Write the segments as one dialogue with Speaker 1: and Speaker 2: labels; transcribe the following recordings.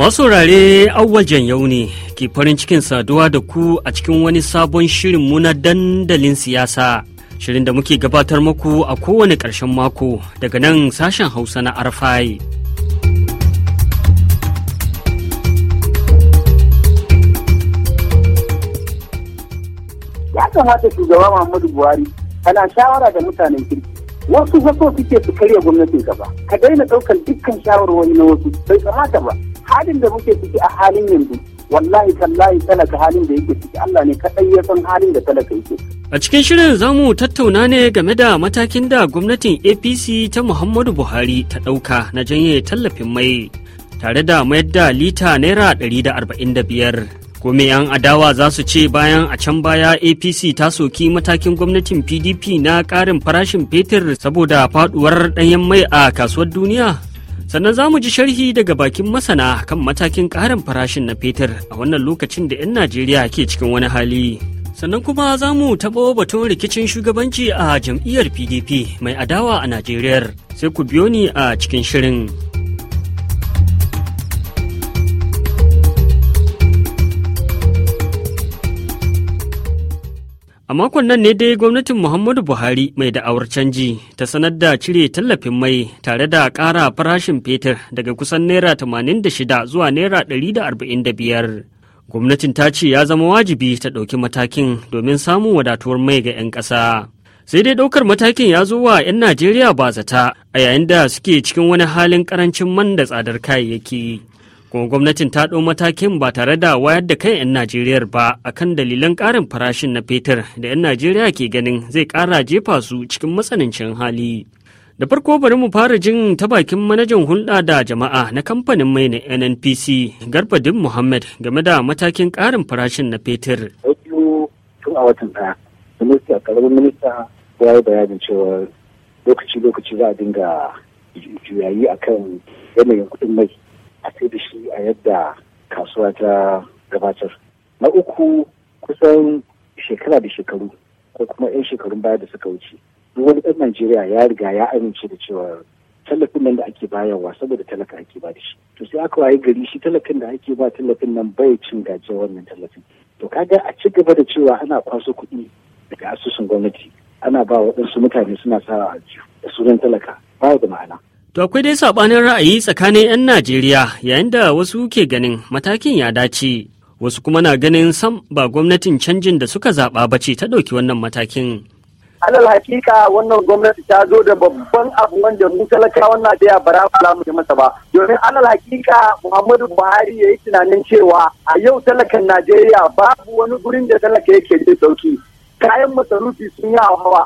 Speaker 1: masu rare awwajen yau ne ke farin cikin saduwa da ku a cikin wani sabon shirin mu na dandalin siyasa. Shirin da muke gabatar maku a kowane ƙarshen mako daga nan sashen Hausa na Arfai.
Speaker 2: Ya kamata shugaba Muhammadu Buhari kana shawara da mutanen kirki. Wasu zato suke su karya gwamnatin gaba. Ka daina ɗaukar dukkan shawarwari na wasu bai kamata ba. halin da muke ciki a halin yanzu wallahi tallahi talaka halin da yake ciki Allah ne kaɗai ya san halin da talaka yake
Speaker 1: A cikin shirin zamu tattauna ne game da matakin da gwamnatin APC ta Muhammadu Buhari ta ɗauka na janye tallafin mai tare da mayar da lita naira 145. Kome yan adawa za su ce bayan a can baya APC ta soki matakin gwamnatin PDP na ƙarin farashin fetur saboda faduwar ɗanyen mai a kasuwar duniya? sannan za mu ji sharhi daga bakin masana kan matakin ƙarin farashin na fetur a wannan lokacin da 'yan najeriya ke cikin wani hali sannan kuma za mu taɓo batun rikicin shugabanci a jam'iyyar pdp mai adawa a najeriya sai ku biyo ni a cikin shirin A makon nan ne dai gwamnatin Muhammadu Buhari mai da'awar canji ta sanar da cire tallafin mai tare da ƙara farashin fetur daga kusan Naira 86 zuwa Naira 145. Gwamnatin ta ce ya zama wajibi ta ɗauki matakin domin samun wadatuwar mai ga 'yan ƙasa. Sai dai ɗaukar matakin ya zo wa 'yan Najeriya ba zata a yayin da suke cikin wani halin ƙarancin man da tsadar kayayyaki. kuma gwamnatin ta ɗau matakin ba tare da wayar da kan 'yan najeriya ba akan dalilan ƙarin farashin na fetur da 'yan najeriya ke ganin zai ƙara jefa su cikin matsanancin hali da farko bari mu fara jin ta bakin manajan hulɗa da jama'a na kamfanin mai na nnpc garbadin muhammad game da matakin ƙarin farashin na fetur
Speaker 2: lokaci-lokaci za a dinga juyayi kan yanayin kuɗin mai a fi da shi a yadda kasuwa ta gabatar na uku kusan shekara da shekaru ko kuma 'yan shekarun baya da suka wuce wani ɗan najeriya ya riga ya amince da cewa tallafin nan da ake bayarwa saboda talaka ake ba da shi to sai aka waye gari shi tallafin da ake ba tallafin nan bai cin gajiyar wannan tallafin to kaga a ci gaba da cewa ana kwaso kuɗi daga asusun gwamnati ana ba waɗansu mutane suna sa a da sunan talaka ba da ma'ana
Speaker 1: To akwai dai saɓanin ra'ayi tsakanin 'yan Najeriya yayin da wasu ke ganin matakin ya dace. Wasu kuma na ganin sam ba gwamnatin canjin da suka zaɓa ba ce ta ɗauki wannan matakin.
Speaker 3: Alal hakika wannan gwamnati ta zo da babban abu wanda mu talakawan Najeriya ba za mu lamu masa ba. Domin alal hakika Muhammadu Buhari ya yi tunanin cewa a yau talakan Najeriya babu wani gurin da talaka yake da sauki. Kayan masarufi sun yi hawa.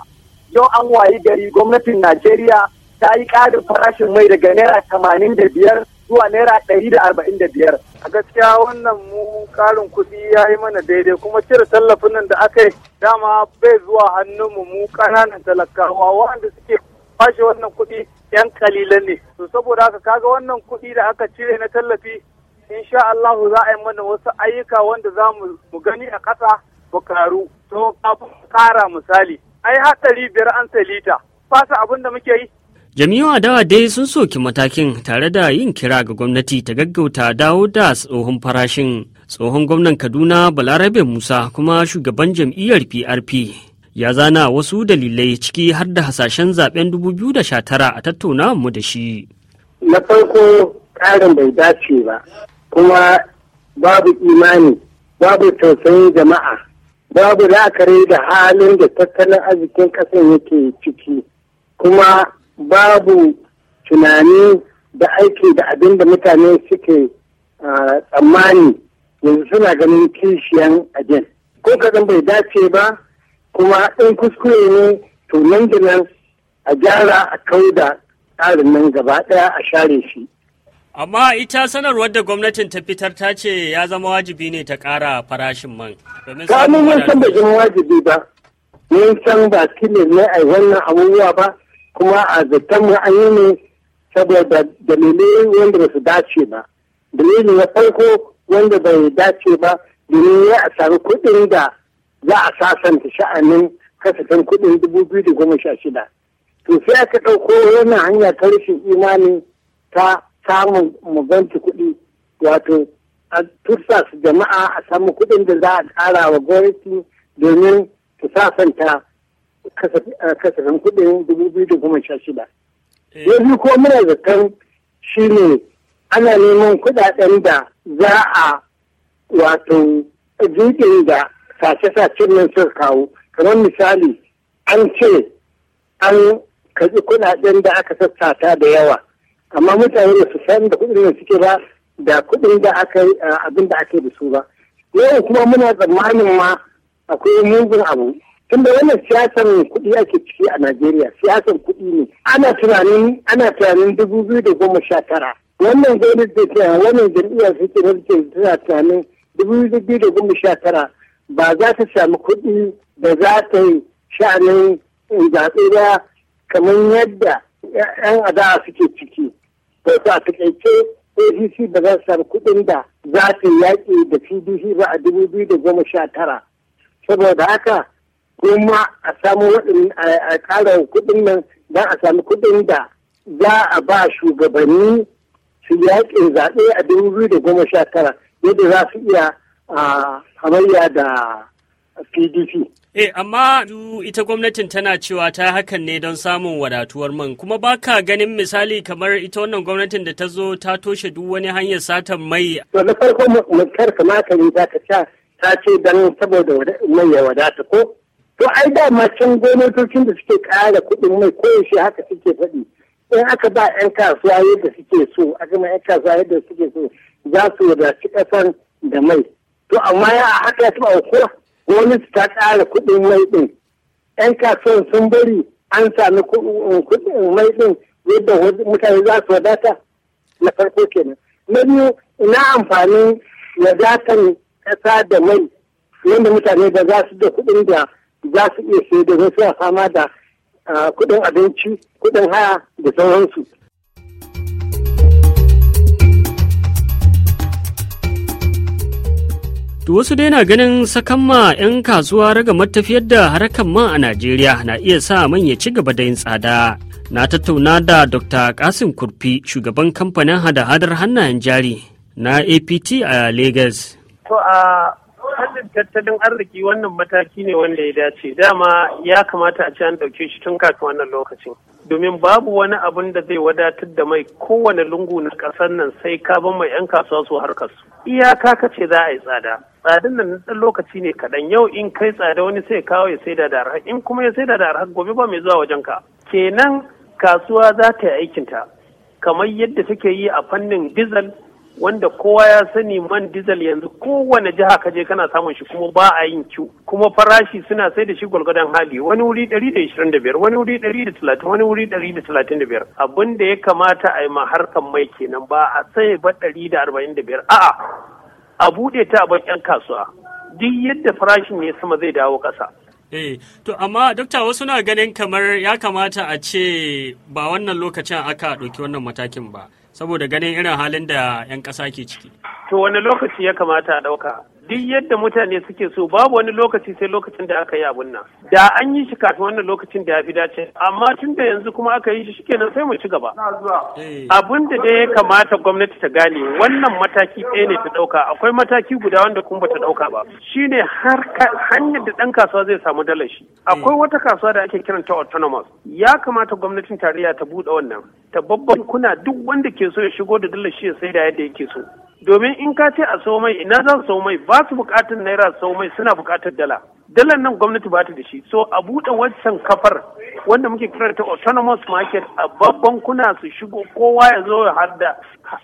Speaker 3: Yau an wayi gari gwamnatin Najeriya ta yi ƙarin farashin mai daga naira tamanin da biyar zuwa naira ɗari da arba'in da biyar. A
Speaker 4: gaskiya wannan mu
Speaker 3: ƙarin kuɗi
Speaker 4: ya yi mana daidai kuma cire tallafin nan da aka yi dama bai zuwa hannunmu mu ƙananan talakawa waɗanda suke kwashe wannan kuɗi yan kalilan ne. To saboda haka kaga wannan kuɗi da aka cire na tallafi insha Allah za a yi mana wasu ayyuka wanda za mu gani a ƙasa mu karu. To kafin ƙara misali. Ai hatsari biyar an salita. Fasa abin da muke yi
Speaker 1: Jami'u dawa dai sun soki matakin tare da yin kira ga gwamnati ta gaggauta dawo da tsohon farashin. Tsohon gwamnan Kaduna Balarabe Musa kuma shugaban jam'iyyar PRP ya zana wasu dalilai ciki har da hasashen zaben 2019 a
Speaker 2: tattauna mu da shi. Na farko ƙarin bai dace ba, kuma babu imani, babu tausayin jama'a, babu la'akari da halin da tattalin arzikin ƙasar yake ciki, kuma babu tunani da aiki da abin da mutane suke tsammani yanzu suna ganin kishiyan ajin ko kaɗan bai dace ba kuma in kuskure ne to nan da nan a gyara a kauda tsarin nan gaba ɗaya a share shi
Speaker 1: Amma ita sanarwar da gwamnatin ta fitar ta ce ya zama wajibi ne ta ƙara farashin man. Kamun yin san bai
Speaker 2: zama wajibi ba, mun san ba ne a wannan abubuwa ba, kuma a zaton ra'ayi ne saboda dalilai wanda ba su dace ba dalili na farko wanda bai dace ba domin ya a sami kuɗin da za a sasanta sha'anin kasafin kuɗin dubu biyu da goma sha shida to sai aka ɗauko wannan hanya ta rashin imani ta samun mubanci kuɗi wato a tursa su jama'a a samu kuɗin da za a ƙara wa gwamnati domin su sasanta kasafin kudin dubu biyu da goma sha shida. Eh. Yanzu ko muna zaton shi ne ana neman kudaden da za a wato jirgin da sace-sacen nan sun kawo. Kamar misali an ce an kaji kudaden da aka sassata da yawa. Amma mutane da su san da kudin da suke ba da kudin da aka yi abin da aka da su ba. Yau kuma muna tsammanin ma akwai mugun abu tunda wannan siyasar kuɗi ake ciki a Najeriya siyasar kuɗi ne ana tunanin ana tunanin dubu biyu da goma sha tara wannan gwamnati da wannan jam'iyyar suke su tana tunanin dubu biyu da goma sha tara ba za ta sami kuɗi da za ta yi sha'anin eh, zaɓe ba kamar yadda 'yan adawa suke ciki to a taƙaice APC ba za ta sami kuɗin da za ta yaƙi da pdp ba a dubu biyu da goma sha tara saboda haka kuma a samu waɗin a ƙara kuɗin nan don a samu kuɗin da za a ba shugabanni su yaƙin zaɓe a dubu goma sha yadda za su iya hamayya da pdp Eh,
Speaker 1: amma ita gwamnatin tana cewa ta hakan ne don samun wadatuwar man, kuma ba ka ganin misali kamar ita wannan gwamnatin da ta zo ta toshe duk wani hanyar satan mai.
Speaker 2: To na farko mutar kamata ne za ta ta ce don saboda mai ya wadata ko? to ai dama can gwamnatocin da suke kara kuɗin mai koyaushe haka suke faɗi in aka ba 'yan kasuwa yadda suke so aka ma 'yan kasuwa yadda suke so za su wadaci ƙasar da mai to amma ya haka ya taɓa ko gwamnati ta kara kuɗin mai ɗin 'yan kasuwan sun bari an sami kuɗin mai ɗin yadda mutane za su wadata na farko kenan na biyu ina amfanin wadatan ƙasa da mai yadda mutane ba za su da kuɗin da za su iya sai domin suna fama da kuɗin abinci kuɗin haya da sauransu
Speaker 1: To wasu dai na ganin ma 'yan kasuwa raga matafiyar da harkar ma a Najeriya na iya sa manya ci gaba da yin tsada. Na tattauna da Dr. Kasim Kurfi, shugaban kamfanin hada-hadar hannayen jari na APT a Lagos.
Speaker 5: To a tattalin arziki wannan mataki ne wanda ya dace dama ya kamata a ce an ɗauke shi tun kafin wannan lokacin domin babu wani abun da zai wadatar da mai kowane lungu na ƙasar nan sai ka ban mai 'yan kasuwa su harkar su iyaka ka ce za a yi tsada tsadan nan ɗan lokaci ne kaɗan yau in kai tsada wani sai kawo ya saida da arha in kuma ya saida da arha gobe ba mai zuwa wajen ka kenan kasuwa za ta yi aikinta kamar yadda take yi a fannin dizal wanda kowa ya sani man dizal yanzu kowane jiha kaje kana samun shi kuma ba a yin kyau kuma farashi suna sai da shi gwalgwadon hali wani wuri biyar, wani wuri 130 wani wuri biyar. abin da ya kamata a yi ma harkar mai kenan ba a sai ba biyar. a'a a bude ta a bakin kasuwa duk yadda farashin ne sama zai dawo kasa.
Speaker 1: Eh, to amma dokta wasu na ganin kamar ya kamata a ce ba wannan lokacin aka ɗauki wannan matakin ba. saboda ganin irin halin da 'yan ƙasa ke ciki.
Speaker 5: To wani lokaci ya kamata a ɗauka duk yadda mutane suke so babu wani lokaci sai lokacin da aka yi abun nan da an yi shi kafin wannan lokacin da ya fi dace amma tun da yanzu kuma aka yi shi nan sai mu ci gaba eh. abun da dai ya kamata gwamnati ta gane wannan mataki ɗaya ne ta ɗauka akwai mataki guda wanda kuma bata ɗauka ba shine har hanyar da ɗan kasuwa zai samu dalar shi eh. akwai wata kasuwa da ake kiranta autonomous ya kamata gwamnatin tarayya ta buɗe wannan ta babban kuna duk wanda ke so ya shigo da dalar shi ya sai da yadda yake so domin in ka ce a sau mai ina za su sau mai ba su bukatar naira sau mai suna bukatar dala dalar nan gwamnati ba ta da shi so a buɗe wancan kafar wanda muke kira ta autonomous market a babban kuna su shigo kowa ya zo da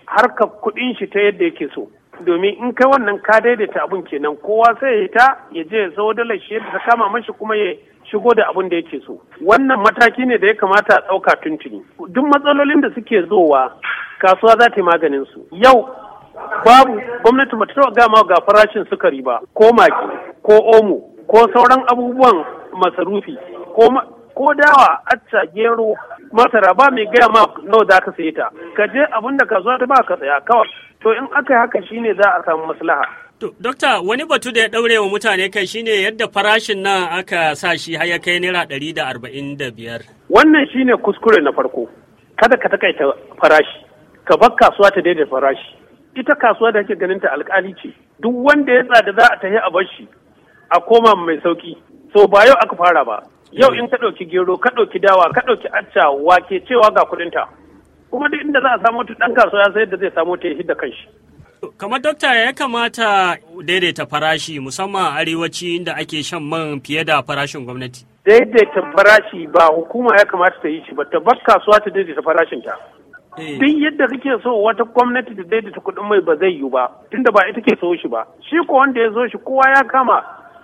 Speaker 5: harkar kuɗin shi ta yadda yake so domin in kai wannan ka daidaita abun kenan kowa sai ya ta ya je ya zo dalar shi yadda ta kama mashi kuma ya shigo da abin da yake so wannan mataki ne da ya kamata a ɗauka tuntuni duk matsalolin da suke zowa kasuwa za ta yi maganin su yau babu gwamnati ba ta gama ga farashin sukari ba ko maki ko omo ko sauran abubuwan masarufi ko ko dawa acca gero masara ba mai gaya ma nawa za ka saye ta ka je abin da kasuwa ta ba ka saya kawai to in aka yi haka shine za a samu maslaha
Speaker 1: Dokta wani batu da ya ɗaure wa mutane kai shine yadda farashin nan aka sa shi har ya kai naira ɗari da arba'in da biyar.
Speaker 5: Wannan shine kuskure na farko. Kada ka takaita farashi, ka bar kasuwa ta daidai farashi. ita kasuwa da ake ganin ta alkali ce duk wanda ya da za a tafi a bar shi a koma mai sauki so ba yau aka fara ba yau in ka ɗauki gero ka ɗauki dawa ka ɗauki acca wake cewa ga kuɗin ta kuma duk inda za a samu ta ɗan kasuwa sai da zai samu ta ya da kanshi.
Speaker 1: kamar dokta ya kamata daidaita farashi musamman arewaci inda ake shan man fiye da farashin
Speaker 5: gwamnati. daidaita farashi ba hukuma ya kamata ta yi shi ba ta bar kasuwa ta daidaita farashinta. Eh. duk yadda kake so wata gwamnati da daidaita kuɗin mai ba zai yi ba tunda ba ita ke so shi ba shi ko wanda ya so shi kowa ya kama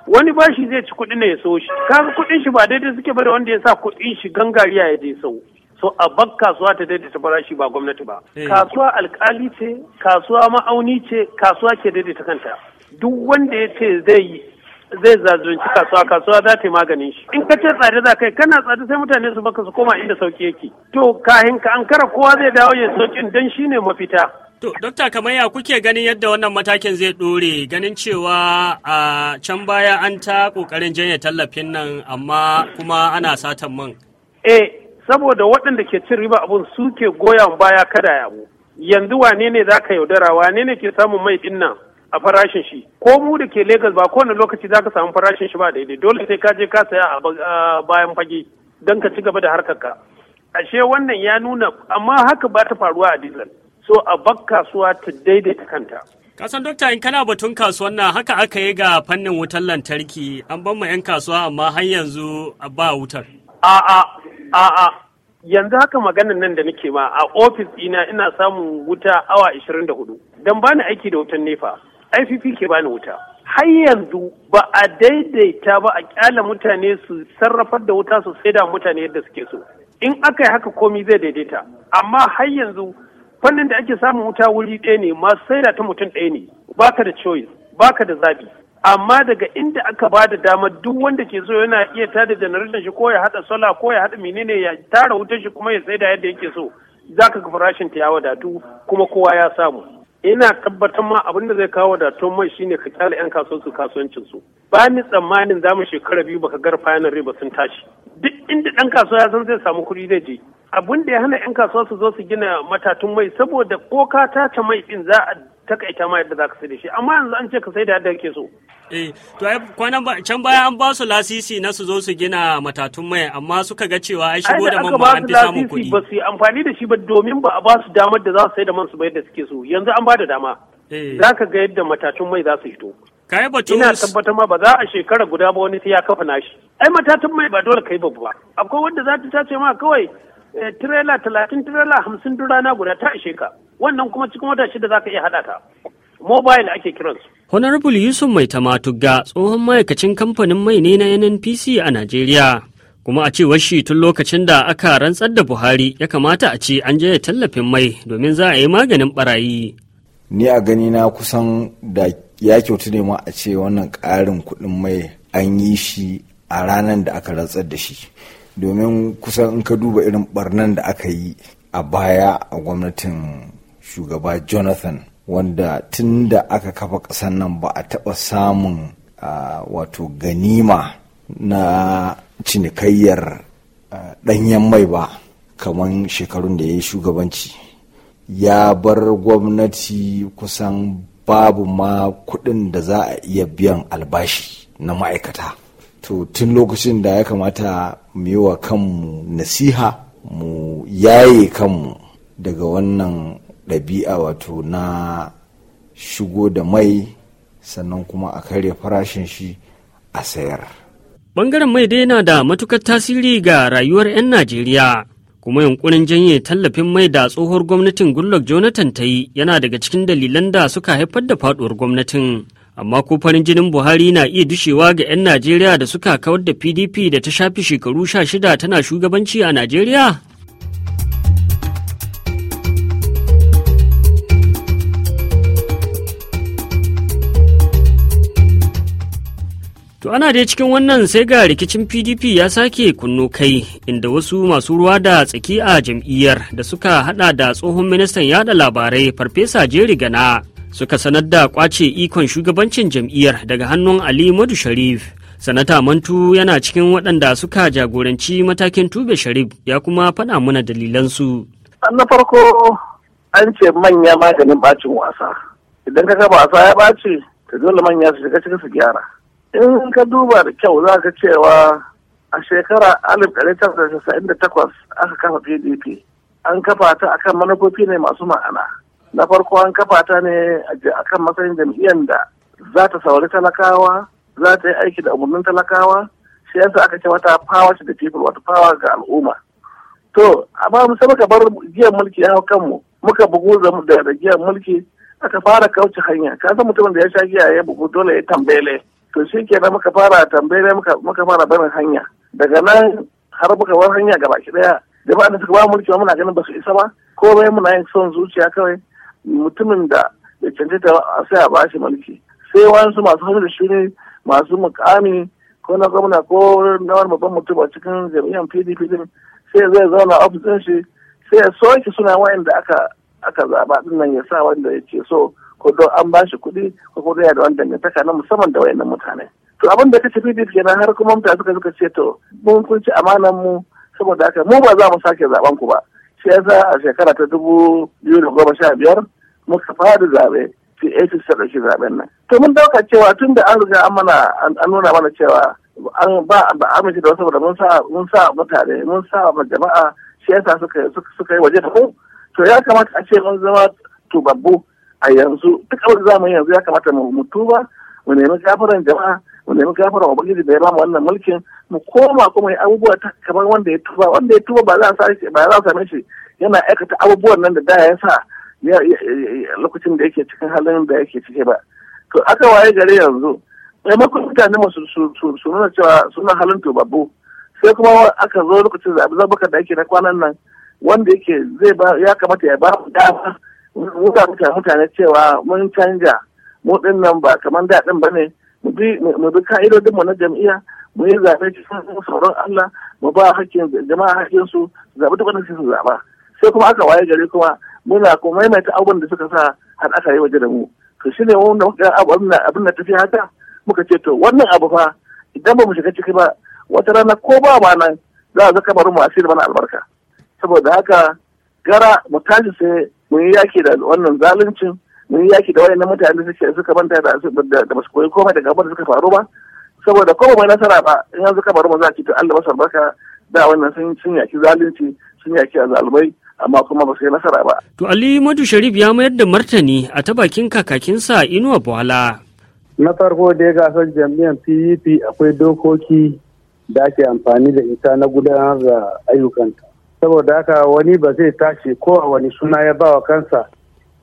Speaker 5: wani bashi zai ci kuɗi ne ya so shi kaga kuɗin shi ba daidai suke ba wanda ya sa kuɗin shi gangariya ya je sau so a bar kasuwa ta daidaita farashi ba gwamnati ba eh. kasuwa alkali ce kasuwa ma'auni ce kasuwa ke ta kanta duk wanda ya ce zai yi zai zazunci kasuwa kasuwa za ta yi maganin shi in ka ce tsare za kai kana tsare sai mutane su baka su koma inda sauki yake to kahin ka ankara kowa zai dawo ya sauki dan ne mafita
Speaker 1: To, Dokta, kamar ya kuke ganin yadda wannan matakin zai ɗore ganin cewa a can baya an ta ƙoƙarin janye tallafin nan amma kuma ana satan man.
Speaker 5: Eh, saboda waɗanda ke cin riba abun suke goyon baya kada ya Yanzu wane ne za ka yaudara, wane ne ke samun mai ɗinnan? a farashin shi ko mu da ke Legas ba kowane lokaci zaka samu farashin shi ba daidai dole sai ka je ka saya a bayan fage don ka ci gaba da harkar ka ashe wannan ya nuna amma haka ba ta faruwa a Disneyland so a bak kasuwa ta daidaita kanta kasan dokta
Speaker 1: in kana batun kasuwan nan haka aka yi ga fannin wutar lantarki an ban ma 'yan kasuwa amma har
Speaker 5: yanzu ba wutar a'a a'a yanzu haka maganan nan da nake ma a ofis ina ina samun wuta awa 24 dan bani aiki da wutan nefa IPP ke bani wuta. Har yanzu ba a daidaita ba a kyala mutane su sarrafar da wuta su saida mutane yadda suke so. In aka yi haka komi zai daidaita. Amma har yanzu fannin da ake samun wuta wuri ɗaya ne masu saida ta mutum ɗaya ne. Baka da choice, baka da zabi. amma daga inda aka ba da damar duk wanda ke so yana iya tada janaratan shi ko ya haɗa sola ko ya haɗa menene ya tara wutar shi kuma ya saida yadda yake so za ka ga farashin ta ya wadatu kuma kowa ya samu ina tabbatar ma abin da zai kawo wadaton mai shine ka kyale yan kasuwarsu su kasuwancin su ba ni tsammanin zamu shekara biyu baka gar fayanar riba sun tashi duk inda dan kasuwa ya san zai samu kuɗi zai je abin da ya hana yan kasuwa su zo su gina matatun mai saboda ko ka tace mai din za a takaita ma yadda za ka sai da shi amma yanzu an ce ka sai da yadda kake so.
Speaker 1: Eh, to ai kwanan can baya an ba su lasisi na su zo su gina matatun mai amma suka ga cewa ai shigo da man ba an fi samun kuɗi. Ba
Speaker 5: su yi amfani da shi ba domin ba a ba su damar da za su sai da man su ba yadda suke so yanzu an ba da dama. Eh. Za ka ga yadda matatun mai za su fito. Kai batun Ina tabbatar ma ba za a shekara guda ba wani sai ya kafa nashi. Ai matatun mai ba dole kai babba. Akwai wanda za ta tace ma kawai eh, tirela talatin tirela hamsin durana guda ta ishe ka. wannan kuma cikin wata shida za ka iya haɗa ta mobile ake kiransu
Speaker 1: honorable yusuf mai tamatuga tsohon ma'aikacin kamfanin mai ne na nnpc a najeriya kuma a cewar shi tun lokacin da aka rantsar da buhari ya kamata a ce an je tallafin mai domin za a yi maganin barayi
Speaker 4: ni a gani na kusan da ya kyautu ne ma a ce wannan ƙarin kuɗin mai an yi shi a ranar da aka rantsar da shi domin kusan in ka duba irin barnan da aka yi a baya a gwamnatin shugaba jonathan wanda tun da aka kafa ƙasar nan ba a taɓa samun wato ganima na cinikayyar ɗanyen mai ba kamar shekarun da ya yi shugabanci ya bar gwamnati kusan babu ma kuɗin da za a iya biyan albashi na ma'aikata to tun lokacin da ya kamata mu yi wa kanmu nasiha mu yaye kanmu daga wannan ɗabi'a wato na shigo da mai sannan kuma a karya farashin shi a sayar.
Speaker 1: Bangaren mai dai yana da matukar tasiri ga rayuwar 'yan Najeriya. kuma yunkurin janye tallafin mai da tsohuwar gwamnatin goodluck jonathan ta yi yana daga cikin dalilan da suka haifar da faduwar gwamnatin amma ko farin jinin buhari na iya dushewa ga 'yan najeriya da suka kawar da pdp da ta shafi shekaru sha shida tana shugabanci a najeriya To ana dai cikin wannan sai ga rikicin PDP ya sake kunno kai inda wasu masu ruwa da tsaki a jam'iyyar da suka hada da tsohon ministan yada labarai Farfesa Jerry Gana suka sanar da kwace ikon shugabancin jam'iyyar daga hannun Ali Madu Sharif. Sanata Mantu yana cikin waɗanda suka jagoranci matakin tube Sharif ya kuma faɗa mana dalilansu.
Speaker 3: Na farko an ce manya maganin bacin wasa. Idan ka ga wasa ya ɓaci, ka dole manya su shiga cikin su gyara. in ka duba da kyau za ka cewa a shekara 1998 aka kafa pdp an kafa ta akan manufofi ne masu ma'ana na farko an kafa ta ne kan matsayin jam'iyyar da za ta saurari talakawa za ta yi aiki da umarnin talakawa shi yasa aka ce wata power to the people wata power ga al'umma to amma mu sai muka bar giyan mulki ya kanmu muka bugu da giyan mulki aka fara kauce hanya ka san mutumin da ya sha giya ya bugu dole ya tambele to shi kenan muka fara tambaye muka fara barin hanya daga nan har muka bar hanya gaba ki daya ba da suka ba mulki muna ganin ba su isa ba Ko bai muna yin son zuciya kawai mutumin da ya cancanta a sai a bashi mulki sai wasu masu hannu da shuni masu mukami ko na gwamna ko na wani babban mutum a cikin jami'an pdp din sai zai zauna ofisin shi sai ya soke suna wa'anda aka aka zaba din nan ya sa wanda ya ce so ko don an ba shi kuɗi ko kuma yana da wani dangantaka na musamman da wayannan mutane to abin da ta tafi da kenan har kuma mutane suka suka ce to mun kun ci amanan mu saboda haka mu ba za mu sake zaben ku ba shi yasa a shekara ta dubu biyu da goma sha biyar muka fara zaɓe fi APC ta ɗauki zaɓen nan to mun dauka cewa tun da an riga an mana an nuna mana cewa an ba ba amince da wasu saboda mun sa mun sa mutane mun sa ma jama'a shi yasa suka suka yi waje da mu to ya kamata a ce mun zama tubabbu a yanzu duk abin da za mu yanzu ya kamata mu tuba mu nemi gafaran jama'a mu nemi gafaran ubangiji da ya bamu wannan mulkin mu koma kuma yi abubuwa kamar wanda ya tuba wanda ya tuba ba za a ba za a same shi yana aikata abubuwan nan da da ya sa lokacin da yake cikin halin da yake ciki ba to aka waye gare yanzu maimakon mutane masu su nuna cewa suna halin tubabbu sai kuma aka zo lokacin da abu da ake na kwanan nan wanda yake zai ya kamata ya ba mu dama muka mutane mutane cewa mun canja mu din nan ba kamar daɗin ba ne mu bi ka'idodin mu na jam'iyya mu yi zaɓe sauran Allah mu ba hakkin jama'a hakkin su zaɓi duk wanda su zaɓa sai kuma aka waye gari kuma muna kuma maimaita abubuwan da suka sa har aka yi waje da mu to shine wanda muka abin da tafi haka muka ce to wannan abu fa idan ba mu shiga ciki ba wata rana ko ba ma nan za a zaka bari mu asiri mana albarka saboda haka gara mu tashi sai mun yi yaki da wannan zaluncin mun yi yaki da wayannan mutane da suka manta da da basu koyi komai daga abin da suka faru ba saboda ko mai nasara ba in yanzu ka faru ba za ki to Allah masa barka da wannan sun sun yaki zalunci sun yaki azalmai amma kuma ba su yi nasara ba.
Speaker 1: To Ali Madu Sharif ya mayar da martani a ta bakin kakakinsa Inuwa Bola
Speaker 4: Na farko da ya gasar jami'an PDP e akwai dokoki da ake amfani da ita na gudanar da ayyukanta. saboda haka wani ba zai tashi ko a wani suna ya bawa kansa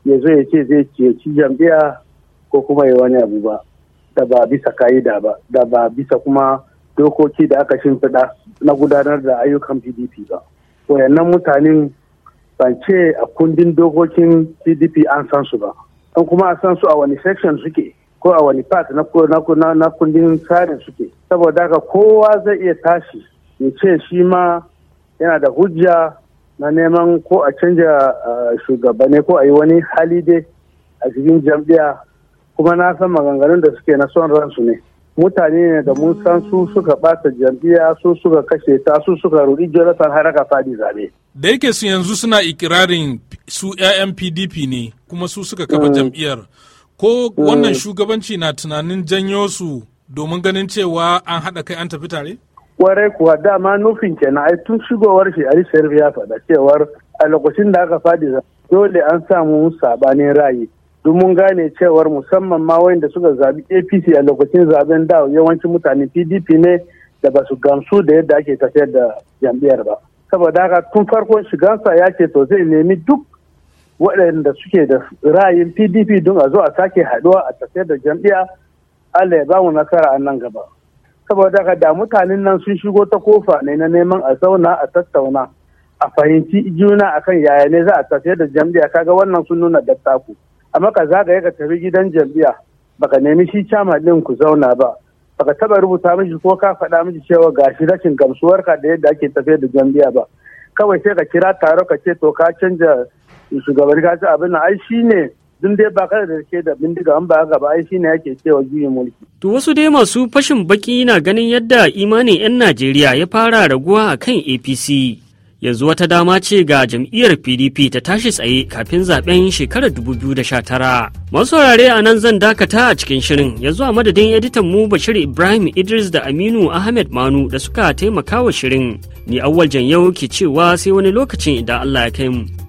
Speaker 4: ya zo ya ce zai ci jam'iyya ko kuma ya wani abu ba da ba bisa ka'ida ba da ba bisa kuma dokoki da aka shimfiɗa na gudanar da ayyukan pdp ba wayannan mutanen ban ce a kundin dokokin pdp an san su ba an kuma a san su a wani section suke ko a wani part na kundin tsarin suke saboda haka kowa zai iya tashi ya ce shi ma yana da hujja na neman ko a canja uh, shugabane ko a yi wani hali dai a cikin jam'iyya kuma na san maganganun da suke na son ransu ne mutane ne da mun san su suka bata jam'iyya su suka kashe ta su suka rudi jonathan har aka fadi zabe
Speaker 5: da yake su yanzu suna ikirarin su 'ya'yan pdp ne kuma su suka kafa mm. jam'iyyar ko wannan mm. shugabanci na tunanin janyo su domin ganin cewa an haɗa kai an tafi tare
Speaker 4: kwarai kuwa dama nufin kenan ai tun shigowar shi ali sayar ya faɗa cewar a lokacin da aka faɗi dole an samu saɓanin ra'ayi duk mun gane cewar musamman ma wayanda suka zabi apc a lokacin zaben da yawancin mutane pdp ne da ba su gamsu da yadda ake tafiyar da jam'iyyar ba saboda haka tun farkon shigansa ya ce to zai nemi duk waɗanda suke da ra'ayin pdp don a zo a sake haɗuwa a tafiyar da jam'iyya allah ya bamu nasara a nan gaba saboda haka da mutanen nan sun shigo ta kofa ne na neman a zauna a tattauna a fahimci juna akan yaya ne za a tafiyar da jam'iyya kaga wannan sun nuna dattaku amma ka zagaye ka tafi gidan jam'iyya baka nemi shi chama din ku zauna ba baka taba rubuta miji ko ka faɗa miji cewa gashi rashin gamsuwar ka da yadda ake tafiyar da jam'iyya ba kawai sai ka kira taro ka ce to ka canja shugaban ka abin nan ai shine dun dai ba kada da shaida bindiga an ba gaba ai
Speaker 2: shine yake cewa juyin mulki.
Speaker 1: To wasu dai masu fashin baki na ganin yadda imanin 'yan Najeriya ya fara raguwa akan APC. Yanzu wata dama ce ga jam'iyyar PDP ta tashi tsaye kafin zaben shekarar 2019. Masu saurare a nan zan dakata a cikin shirin yanzu a madadin editan mu Bashir Ibrahim Idris da Aminu Ahmed Manu da suka taimaka wa shirin. Ni awwal yau ke cewa sai wani lokacin idan Allah ya kai mu.